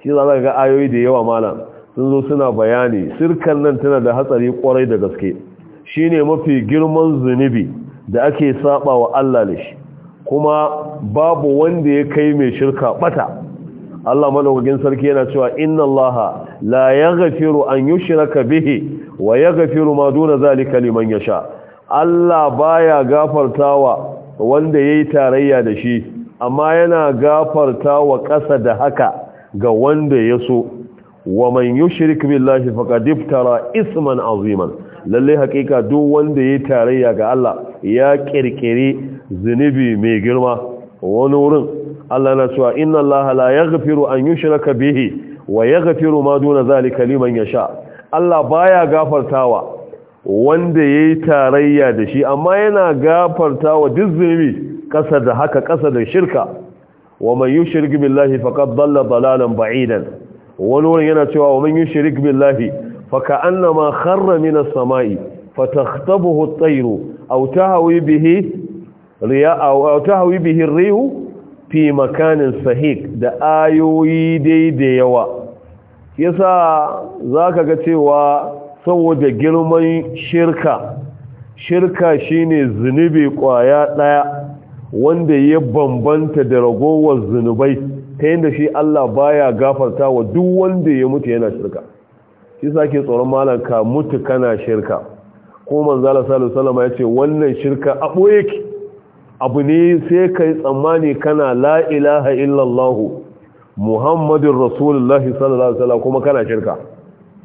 shi za ga ayoyi da yawa malam sun zo suna bayani sirkan nan tana da hatsari kwarai da gaske Shi ne mafi girman zunubi da ake saba wa Allah da shi kuma babu wanda ya kai mai shirka bata Allah malaukakin sarki yana cewa inna Allah la yaghfiru an yushraka bihi wa yaghfiru ma duna zalika liman sha." Allah baya gafartawa wanda yayi tarayya da shi amma yana gafartawa ƙasa da haka ga wanda ya so wa man yushrik billahi faqad tara isman aziman Lallai hakika duk wanda yayi tarayya ga Allah ya kirkire zunubi mai girma wani wurin Allah na cewa inna Allah la yaghfiru an yushraka bihi wa yaghfiru ma duna zalika liman yasha Allah baya gafartawa wanda yayi tarayya da shi amma yana gafartawa duk zunubi kasa da haka kasa da shirka wa man yushrik billahi faqad dalla dalalan ba'idan wani wurin yana cewa wa man yushrik billahi fa ka'annama kharra min as-sama'i fatakhtabuhu at-tayru aw tahwi bihi riya bihi rihu fi makanin sahik da ayoyi daidai yawa yasa zaka ga cewa saboda girman shirka shirka shine zunubi kwaya daya wanda ya bambanta da ragowar zunubai ta yadda shi Allah baya gafarta wa duk wanda ya mutu yana shirka shi ke tsoron malam ka mutu kana shirka ko manzala sallallahu alaihi wasallam ya ce wannan shirka abu yake abu ne sai kai tsammani kana la ilaha illallah muhammadur rasulullah sallallahu alaihi wasallam kuma kana shirka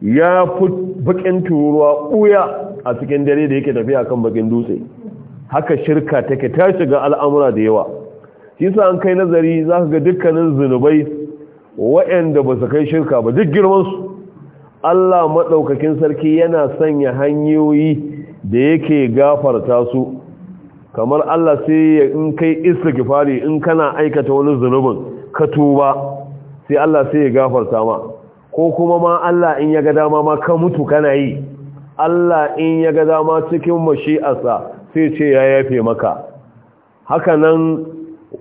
ya fi bakin turuwa buya a cikin dare da yake tafiya kan bakin dutse haka shirka take ta shiga al'amura da yawa shi an kai nazari za ka ga dukkanin zunubai waɗanda ba su kai shirka ba duk girmansu Allah maɗaukakin sarki yana sanya hanyoyi da yake gafarta su kamar Allah sai in kai istighfari in kana aikata wani zunubin ka tuba sai Allah sai ya gafarta ma ko kuma ma Allah in ya ga dama ma ka mutu kana yi Allah in ya ga dama cikin mashiasa sai ce ya yafe maka hakanan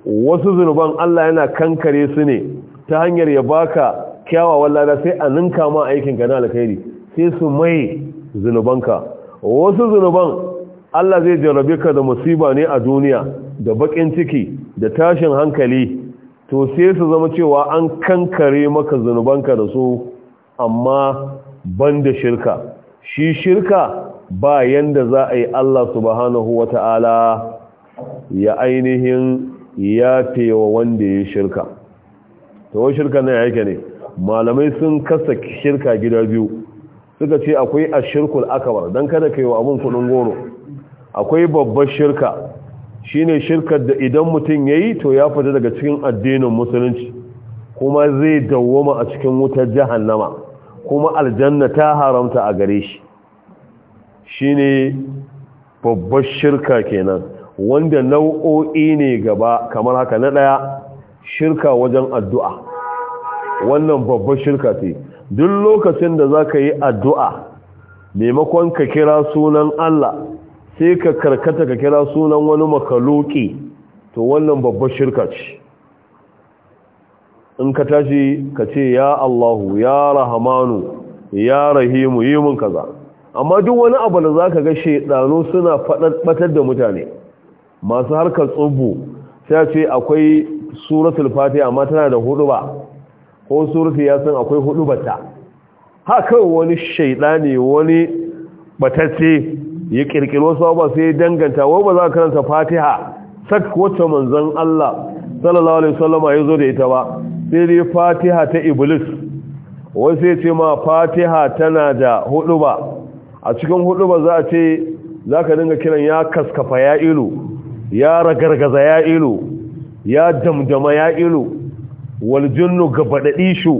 wasu zunuban Allah yana kankare su ne ta hanyar ya baka kyawawan lada sai a ninka ma aikin ka na alkhairi sai su mai zunubanka wasu zunuban Allah zai jarrabe ka da musiba ne a duniya da bakin ciki da tashin hankali to sai su zama cewa an kankare maka zunubanka da su amma ban da shirka shi shirka ba yanda za a yi Allah subhanahu wata'ala ya ainihin ya wa wanda ya shirka ta wani shirka na yake ne malamai sun kasa shirka gida biyu suka ce akwai a shirkul akabar don kada ka yi wa abin kudin goro akwai babbar shirka Shi ne shirka da idan mutum ya yi to ya fita daga cikin addinin musulunci kuma zai dawwama a cikin wutar jahannama kuma aljanna ta haramta a gare shi Shi ne babbar shirka kenan wanda nau'o'i ne gaba kamar haka na ɗaya shirka wajen addu'a wannan babbar shirka ce duk lokacin da za ka yi addu'a maimakon ka kira sunan Allah sai ka karkata ka kira sunan wani makaloki to wannan babbar shirka ce in ka tashi ka ce ya Allahu ya Rahmanu! ya rahimu yi mun kaza amma duk wani abu da za ka ga shaidano suna faɗaɓatar da mutane masu harkar tsubu sai ce akwai suratul fatiha amma tana da hudu ba ko ya san akwai hudu bata haka wani shaidani wani batacce ya kirkiro sabon sai danganta wai ba za ka karanta fatiha sak wacce manzon Allah sallallahu alaihi wasallam ya zo da ita ba sai dai fatiha ta iblis wai sai ce ma fatiha tana da hudu ba a cikin hudu ba za a ce za ka dinga kiran ya kaskafa ya ilu ya ragargaza ya ilo ya damdama ya ilo wal jinnu gabadadi shu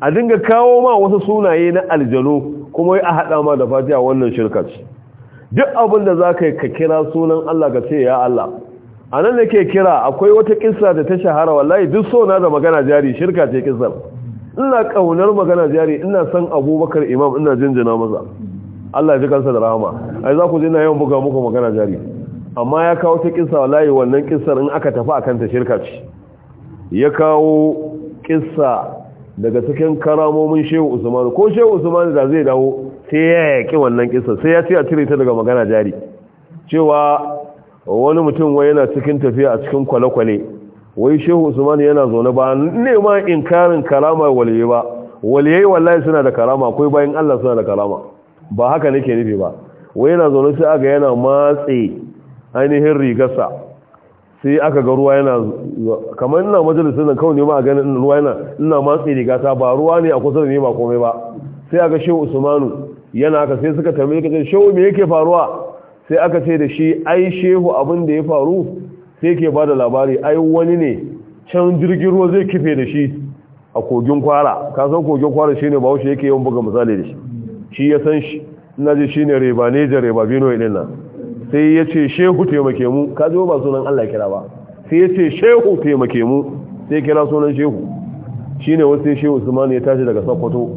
a dinga kawo ma wasu sunaye na aljanu kuma a hada ma da fatiha wannan shirka duk abin da zaka yi ka kira sunan Allah ka ce ya Allah anan nake kira akwai wata kissa da ta shahara wallahi duk so na da magana jari shirka ce ina kaunar magana jari ina son abubakar imam ina jinjina maza Allah ya ji kansa da rahama ai za ku je na yawan buga muku magana jari amma ya kawo ta wa layi wannan kisar in aka tafi a kanta shirka ce ya kawo kisa daga cikin karamomin shehu usman ko shehu usman da zai dawo sai ya yaki wannan kisar sai ya ce a cire ta daga magana jari cewa wani mutum wai yana cikin tafiya a cikin kwale-kwale wai shehu usman yana zaune ba nema karin karama waliye ba waliyai wallahi suna da karama akwai bayan Allah suna da karama ba haka nake nufi ba wai yana zaune sai aga yana matse ainihin rigarsa sai aka ga ruwa yana kamar ina majalisar nan kawai ne a ganin ruwa yana ina matsi rigata ba ruwa ne a kusa da nema ba komai ba sai aka shehu usmanu yana aka sai suka tambaye ka shehu me yake faruwa sai aka ce da shi ai shehu abin da ya faru sai ke ba da labari ai wani ne can jirgin ruwa zai kife da shi a kogin kwara ka san kogin kwara shine ba wuce yake yawan buga misali da shi shi ya san shi ina ji shine reba ne jare reba bino ilina sai ya ce shehu taimake mu ka zo ba sunan Allah kira ba sai ya ce shehu taimake mu sai kira sunan shehu shine wasu sai shehu Usman ya tashi daga Sokoto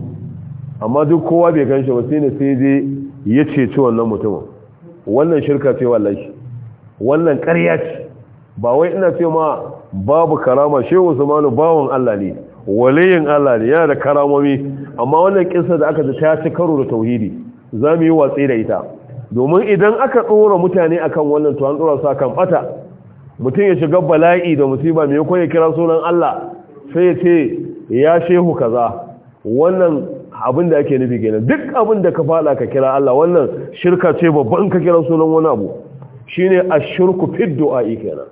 amma duk kowa bai ganshi ba sai ne sai je ya ci wannan mutumin wannan shirka ce wallahi wannan ƙarya ce ba wai ina ce ma babu karama shehu Usman bawon Allah ne waliyin Allah ne yana da karamomi amma wannan kissa da aka ji ta ci karo da tauhidi za mu yi watsi da ita domin idan aka tsora mutane akan wannan to an sa kan bata mutum ya shiga bala'i da musiba me ko ya kira sunan Allah sai ya ce ya shehu kaza wannan abin da ake nufi kenan duk abin da ka fada ka kira Allah wannan shirka ce babban ka kira sunan wani abu shine ashirku fi du'a'i kenan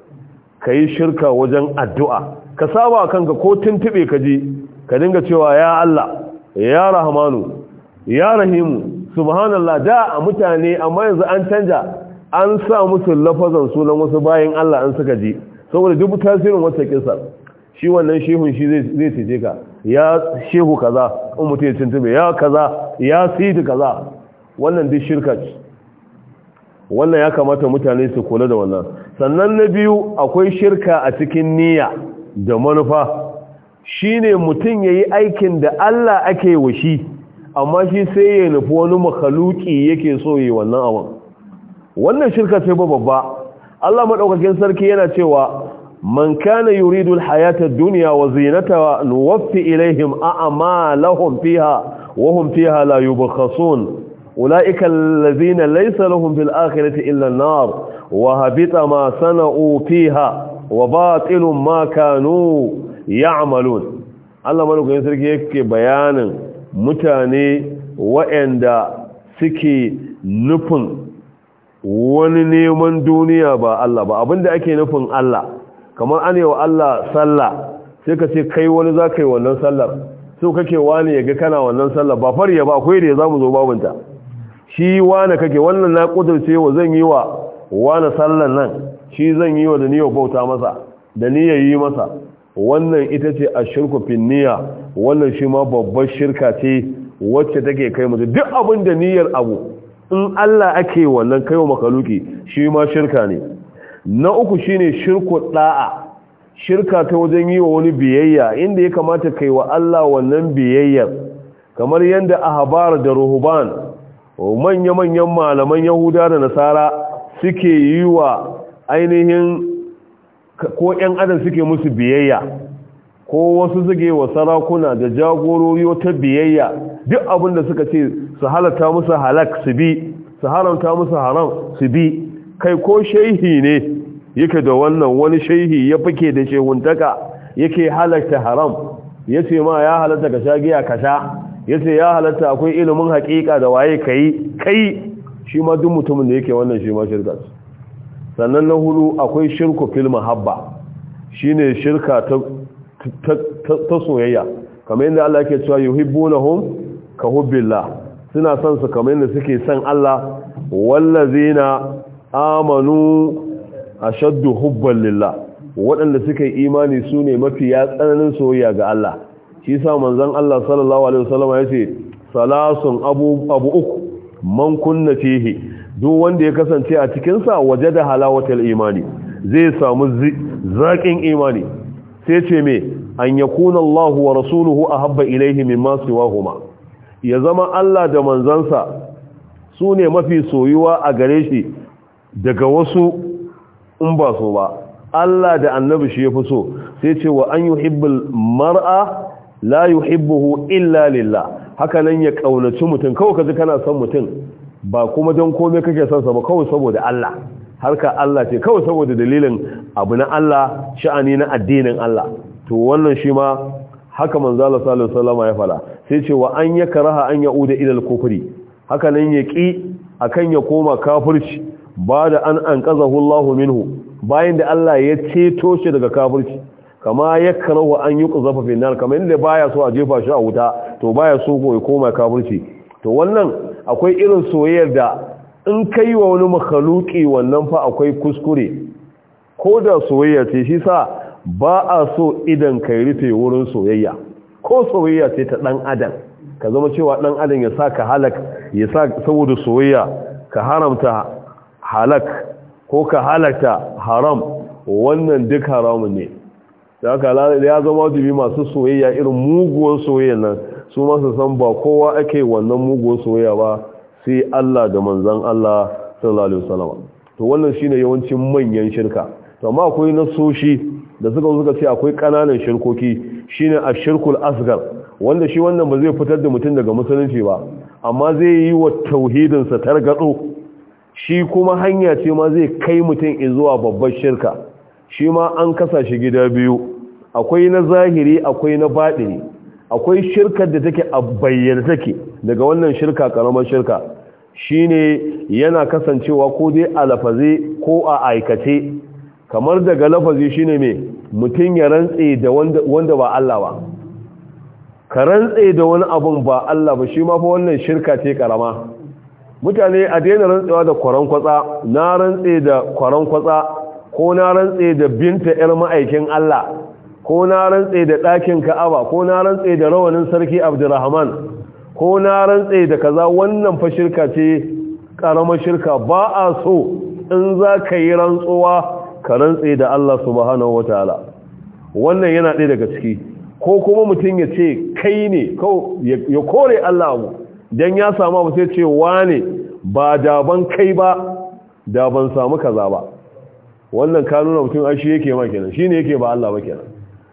kai shirka wajen addu'a ka saba kanka ko tuntube ka ji ka dinga cewa ya Allah ya Rahmanu ya Rahimu subhanallah da a mutane amma yanzu an canja an sa musu lafazan sunan wasu bayan Allah an suka ji saboda duk tasirin wata kisa shi wannan shehun shi zai cije ka ya shehu kaza in mutum ya tuntube ya kaza ya sidi kaza wannan duk shirka ce wannan ya kamata mutane su kula da wannan sannan na biyu akwai shirka a cikin niyya da manufa shine mutum yayi aikin da Allah ake wa shi amma shi sai ya nufi wani makhaluki yake so yi wannan abin wannan shirka ce ba babba Allah madaukakin sarki yana cewa man kana yuridu alhayata ad-dunya wa zinataha nuwaffi ilayhim a'malahum fiha wa hum fiha la yubkhasun ulaika allazina laysa lahum fil akhirati illa an-nar wa habita ma sana'u fiha wa batilun ma kanu ya'malun Allah madaukakin sarki yake bayanin mutane waɗanda suke nufin wani neman duniya ba Allah ba abinda ake nufin Allah kamar an yi wa Allah sallah sai ka ce kai wani za ka yi wannan sallar so kake wani ya ga kana wannan sallar ba fari ya ba akwai da ya za mu zo babinta shi wani kake wannan na ƙudurce wa zan yi wa wani sallar nan shi zan yi wa da niyyar bauta masa da ya yi masa wannan ita ce a shirku finniya wannan shi ma babbar shirka ce wacce take kai mutu duk abin da niyyar abu in Allah ake wannan kai wa makaluki shi ma shirka ne na uku shine shirku da'a shirka ta wajen yi wa wani biyayya inda ya kamata kai wa Allah wannan biyayyar kamar yadda ahbar da ruhban manya-manyan malaman yahuda da nasara suke yi wa ainihin ko 'yan adam suke musu biyayya ko wasu zage wa sarakuna da jagorori wata biyayya duk abin da suka ce su halarta musu halak su bi su haramta musu haram su bi kai ko shehi ne yake da wannan wani shehi ya fike da shehuntaka yake halarta haram ya ce ma ya halatta ka shagiya giya ka sha ya ce ya halatta akwai ilimin haƙiƙa da waye ka kai shi ma duk mutumin da yake wannan shi ma shirka sannan na hudu akwai shirku fil mahabba shine shirka ta ta soyayya kamar yadda Allah yake cewa yuhibbunahum ka hubbillah suna son su kamar yadda suke son Allah wallazina amanu ashaddu hubban lillah waɗanda suke imani su ne mafi ya tsananin soyayya ga Allah shi sa manzon Allah sallallahu alaihi wasallam ya ce salasun abu abu uku man kunna fihi duk wanda ya kasance a cikin sa wajada halawatul imani zai samu zaƙin imani sai ce me an yakuna Allahu wa rasuluhu ahabba ilaihi mimma siwahuma ya zama Allah da manzansa su ne mafi soyuwa a gare shi daga wasu in ba so ba Allah da annabi shi yafi so sai ce wa an yuhibbul mar'a la yuhibbuhu illa lillah haka nan ya kaunaci mutum kawai kaji kana son mutum ba kuma don komai kake son sa ba kawai saboda Allah harka Allah ce kawai saboda dalilin abu na Allah sha'ani na addinin Allah to wannan shi ma haka manzala sallallahu alaihi wasallam ya fara sai ce wa an yakraha an yauda ila al-kufri haka nan ya ki akan ya koma kafirci ba da an anqazahu Allahu minhu bayan da Allah ya ceto shi daga kafirci kama yakrahu an yi fi nar kamar inda baya so a jefa shi a wuta to baya so ko ya koma kafirci to wannan akwai irin soyayyar da in kai wa wani makhaluki wannan fa akwai kuskure ko da soyayya ce shi sa ba a so idan kai rufe wurin soyayya ko soyayya ce ta dan adam ka zama cewa dan adam ya sa halak ya sa saboda soyayya ka haramta halak ko ka halakta haram wannan duk haramun ne da haka ya zama wajibi masu soyayya irin muguwar soyayya nan su masu san ba kowa ake wannan muguwar soyayya ba sai Allah da manzan Allah sallallahu alaihi wasallam to wannan shine yawancin manyan shirka to amma akwai nasoshi da suka suka ce akwai kananan shirkoki shine ashirkul asghar wanda shi wannan ba zai fitar da mutum daga musulunci ba amma zai yi wa tauhidin sa targado shi kuma hanya ce ma zai kai mutum zuwa babbar shirka shi ma an kasa shi gida biyu akwai na zahiri akwai na baɗini akwai shirkar da take a bayyana take daga wannan shirka karamar shirka Shi ne yana kasancewa ko dai a lafaze ko a aikace kamar daga lafazi shine mai mutum ya rantse da wanda ba Allah ba ka rantse da wani abun ba Allah ba shi ma wannan shirka ce karama mutane a daina rantsewa da kwaron kwatsa na rantse da kwaron kwatsa ko na rantse da binta yar ma'aikin Allah ko na rantse da ɗakin Ka'aba ko na rantse da rawanin sarki abdurrahman ko na rantse da kaza wannan fa shirka ce karamar shirka ba a so in za ka yi rantsuwa ka rantse da Allah subhanahu wataala wannan yana ɗaya daga ciki ko kuma mutum ya ce kai ne ya kore Allah mu don ya samu abu sai ce wane ba da ban kai ba da ban samu kaza ba wannan ka mutum ai shi yake ma kenan shi ne yake ba Allah ba kenan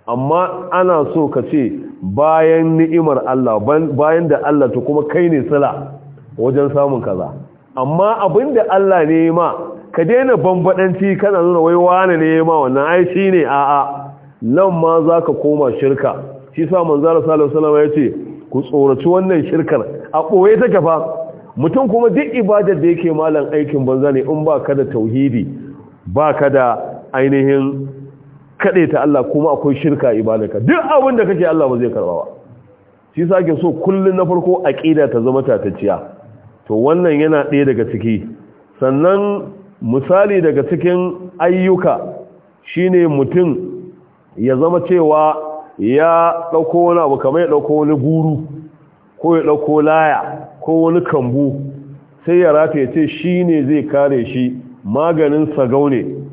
amma ana so ka ce bayan ni'imar Allah bayan da Allah ta kuma kai ne sala wajen samun kaza amma abin da Allah ne ma ka daina bambadanci kana nuna wai wani ne ma wannan ai shine a'a nan ma zaka koma shirka shi sa manzara sallallahu alaihi wasallam ya ce ku tsoraci wannan shirkar a ɓoye ta fa mutum kuma duk ibadar da yake malam aikin banza ne in ba ka da tauhidi ba ka da ainihin ta Allah kuma akwai shirka ibadaka duk abin da kake Allah ba zai karba ba shi yasa ake so kullun na farko aqida ta zama tatacciya to wannan yana ɗaya daga ciki sannan misali daga cikin ayyuka shine mutum ya zama cewa ya dauko wani abu kamar ya dauko wani guru ko ya dauko laya ko wani kambu sai ya rata ya ce shine zai kare shi maganin sagaune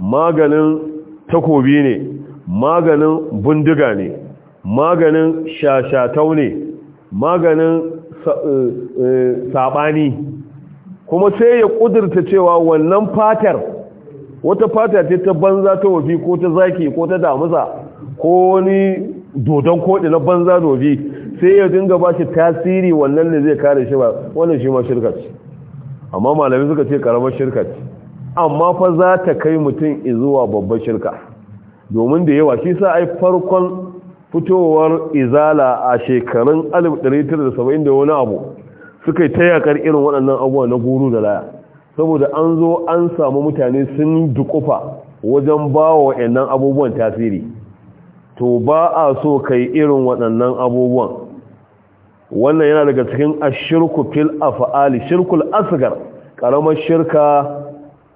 maganin takobi ne maganin bindiga ne maganin shashatau ne maganin eh, eh, saɓani kuma sai ya ƙudurta cewa wannan fatar wata fata ce ta banza ta wafi ko ta zaki ko ta damusa ko wani dodon koɗi na banza da wafi sai ya dinga ba shi tasiri wannan ne zai kare shi ba wannan shi ma shirkaci amma malami suka ce karamar shirkaci amma fa za ta kai mutum izuwa babbar shirka domin da yawa shi sa ai farkon fitowar izala a shekarun 1970 da wani abu suka yi ta yakar irin waɗannan abuwa na guru da laya saboda an zo an samu mutane sun dukufa wajen ba wa waɗannan abubuwan tasiri to ba a so kai irin waɗannan abubuwan wannan yana daga cikin ashirku fil af'ali shirkul asgar karamar shirka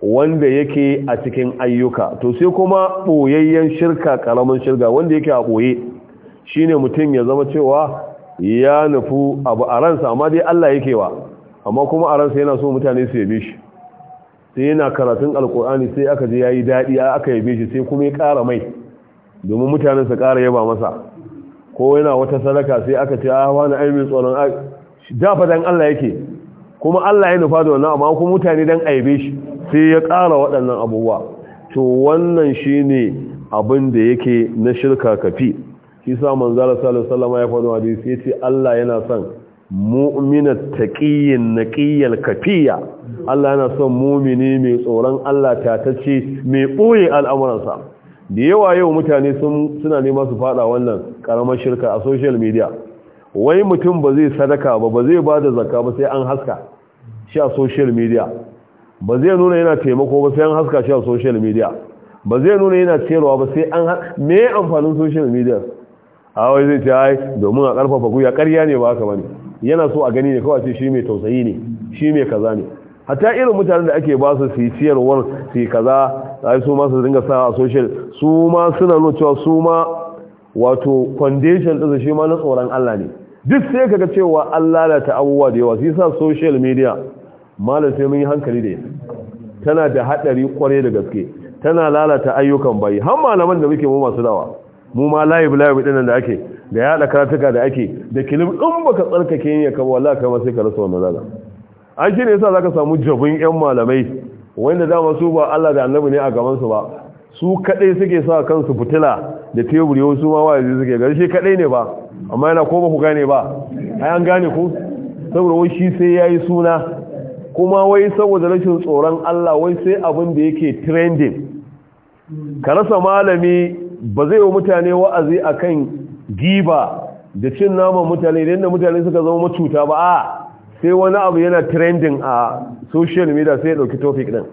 wanda yake a cikin ayyuka to sai kuma boyayyen shirka karamin shirga wanda yake a boye shine mutum ya zama cewa ya nufu abu a ransa amma dai Allah yake wa amma kuma a ransa yana so mutane su yabe shi sai yana karatun alkur'ani sai aka je yayi dadi aka yabe shi sai kuma ya ƙara mai domin mutanen su ƙara yaba masa ko yana wata sadaka sai aka ce a ah, wani ai mai tsoron dafa dan Allah yake kuma Allah ya nufa da wannan amma kuma mutane dan aibe shi sai ya ƙara waɗannan abubuwa to wannan shine abin da yake na shirka kafi shi sa manzala sallallahu ya faɗo hadisi yace Allah yana son mu'minat taqiyyin naqiyyal kafiya Allah yana son mu'mini mai tsoron Allah ta tatacce mai ɓoye al'amuransa da yawa yau mutane suna nema su faɗa wannan ƙaramar shirka a social media wai mutum ba zai sadaka ba ba zai bada zaka ba sai an haska shi a social media ba zai nuna yana taimako ba sai an haska shi a social media ba zai nuna yana cewa ba sai an me amfanin social media a wai zai ce ai domin a karfafa guya ƙarya ne ba haka bane yana so a gani ne kawai shi mai tausayi ne shi mai kaza ne hatta irin mutanen da ake ba su su yi ciyarwar su kaza ai su ma su dinga sa a social su ma suna nuna cewa su ma wato foundation ɗinsa shi ma na tsoron Allah ne duk sai kaga cewa Allah da ta abubuwa da yawa su yi sa social media malam sai mun yi hankali da tana da hadari kware da gaske tana lalata ayyukan bayi har malaman da muke mu masu dawa mu ma live live din da ake da ya da karatuka da ake da kilim din baka tsarkake yin ka wallahi kai sai ka rasa wannan lala an shine yasa zaka samu jabun yan malamai wanda dama su ba Allah da Annabi ne a gaban su ba su kadai suke sa kansu fitila da teburi su ma wazi suke shi kadai ne ba amma yana ko ba ku gane ba ai an gane ku saboda wai shi sai yayi suna kuma wai saboda rashin tsoron Allah wai sai abin da yake trending ka rasa malami ba zai wa mutane wa'azi a kan giba da cin naman mutane da mutane suka zama macuta ba a sai wani abu yana trending a social media sai ya dauki topic din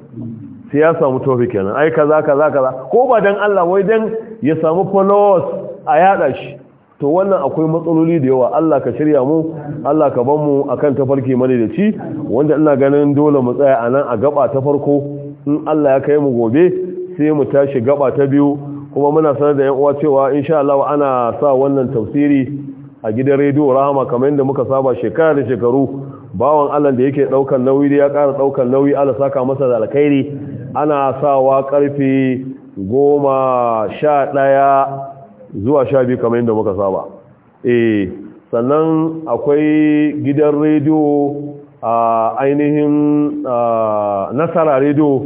sai ya samu topic kenan ai kaza kaza kaza ko ba dan Allah wai dan ya samu followers a yada shi to wannan akwai matsaloli da yawa Allah ka shirya mu Allah ka ban mu akan tafarki mali da ci wanda ina ganin dole mu tsaya anan a gaba ta farko in Allah ya kai mu gobe sai mu tashi gaba ta biyu kuma muna sanar da yan uwa cewa insha Allah ana sa wannan tafsiri a gidan rediyo Rahama kamar inda muka saba shekara da shekaru bawan Allah da yake daukan nauyi da ya kara daukan nauyi Allah saka masa da alkhairi ana sawa karfe goma sha ɗaya zuwa sha biyu kamar yadda muka saba eh sannan akwai gidan rediyo a ainihin nasara rediyo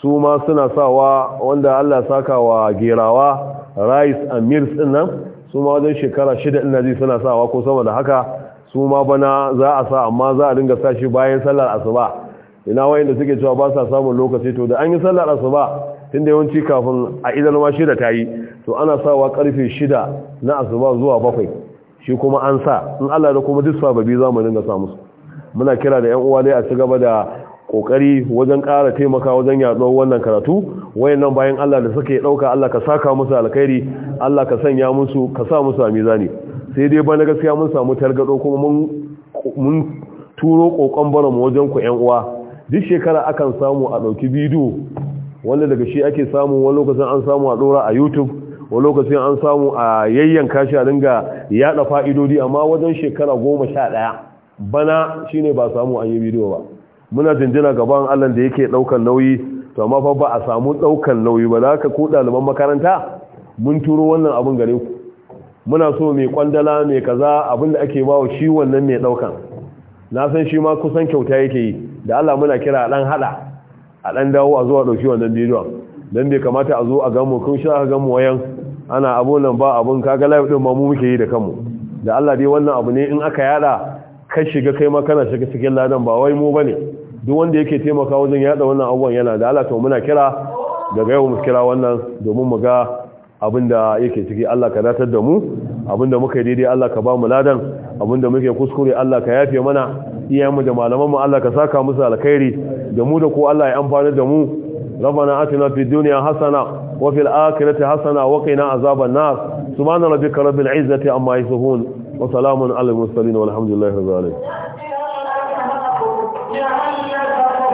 su ma suna sawa wanda allah saka wa gerawa rice and mills nan su ma wajen shekara shida ina ji suna sawa ko sama da haka su ma bana za a sa amma za a dinga sa bayan sallar asuba ina wayanda suke cewa ba sa samun lokaci to da an yi sallar asuba tunda yawanci kafin a idanwa shida ta yi to ana sawa karfe shida na asuba zuwa bakwai shi kuma an sa in Allah da kuma duk sababi za mu samu su muna kira da 'yan uwa dai a ci gaba da kokari wajen ƙara taimaka wajen yaɗo wannan karatu wayannan bayan Allah da suke ɗauka Allah ka saka musu alkhairi Allah ka sanya musu ka sa musu a mizani sai dai bana gaskiya mun samu targado kuma mun mun turo kokon bara mu wajen ku 'yan uwa duk shekara akan samu a ɗauki bidiyo wanda daga shi ake samu wani lokacin an samu a dora a youtube wani lokacin an samu a yayyanka kashi a dinga yada fa'idodi amma wajen shekara goma sha ɗaya bana shine ba samu an yi bidiyo ba muna jinjina gaban allah da yake ɗaukan nauyi to amma fa ba a samu ɗaukan nauyi ba za ka ko ɗaliban makaranta mun turo wannan abin gare ku muna so mai kwandala mai kaza abin da ake bawa shi wannan mai ɗaukan na san shi ma kusan kyauta yake yi da allah muna kira ɗan haɗa a ɗan dawo a zuwa ɗauki wannan bidiyon don bai kamata a zo a gamu kun shi aka gamu wayan ana abun nan ba abun kaga live ɗin ma mu muke yi da kanmu da Allah dai wannan abu ne in aka yada ka shiga kai ma kana shiga cikin ladan ba wai mu bane duk wanda yake taimaka wajen yada wannan abubuwan yana da Allah to muna kira daga yau mu kira wannan domin mu ga abin da yake ciki Allah ka datar da mu abin da muka yi daidai Allah ka ba mu ladan abin da muke kuskure Allah ka yafe mana iyayenmu da malamanmu Allah ka saka musu alkhairi da mu da ku Allah ya amfani da mu rabbana atina fid dunya hasana wa fil akhirati hasana azaban nar subhana rabbika rabbil izzati amma yasifun wa salamun alal [LAUGHS]